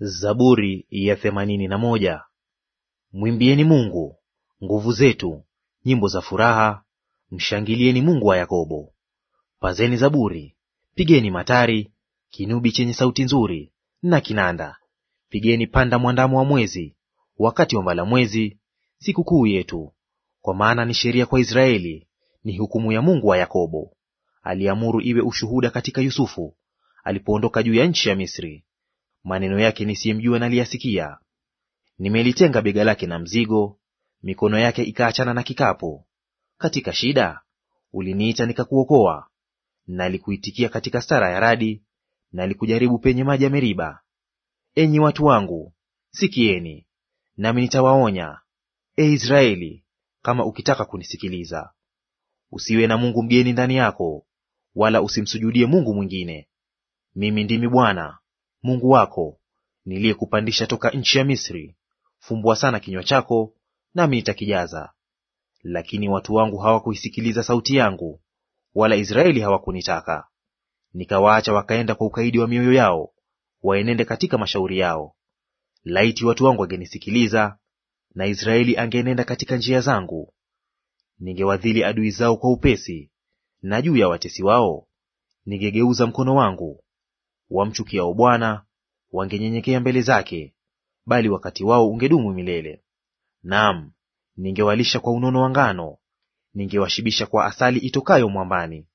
Zaburi ya themanini na moja. Mwimbieni Mungu nguvu zetu, nyimbo za furaha, mshangilieni Mungu wa Yakobo. Pazeni zaburi, pigeni matari, kinubi chenye sauti nzuri na kinanda, pigeni panda mwandamo wa mwezi, wakati wa mbala mwezi, sikukuu yetu. Kwa maana ni sheria kwa Israeli, ni hukumu ya Mungu wa Yakobo. Aliamuru iwe ushuhuda katika Yusufu, alipoondoka juu ya nchi ya Misri maneno yake nisiyemjua naliyasikia. Nimelitenga bega lake na mzigo, mikono yake ikaachana na kikapu. Katika shida uliniita, nikakuokoa. Nalikuitikia katika stara ya radi, nalikujaribu penye maji ya Meriba. Enyi watu wangu, sikieni, nami nitawaonya; e Israeli, kama ukitaka kunisikiliza. Usiwe na mungu mgeni ndani yako, wala usimsujudie mungu mwingine. Mimi ndimi Bwana Mungu wako niliyekupandisha toka nchi ya Misri. Fumbua sana kinywa chako, nami nitakijaza. Lakini watu wangu hawakuisikiliza sauti yangu, wala Israeli hawakunitaka. Nikawaacha wakaenda kwa ukaidi wa mioyo yao, waenende katika mashauri yao. Laiti watu wangu wangenisikiliza, na Israeli angenenda katika njia zangu, ningewadhili adui zao kwa upesi, na juu ya watesi wao ningegeuza mkono wangu, wamchukiao Bwana wangenyenyekea mbele zake, bali wakati wao ungedumu milele. Naam, ningewalisha kwa unono wa ngano, ningewashibisha kwa asali itokayo mwambani.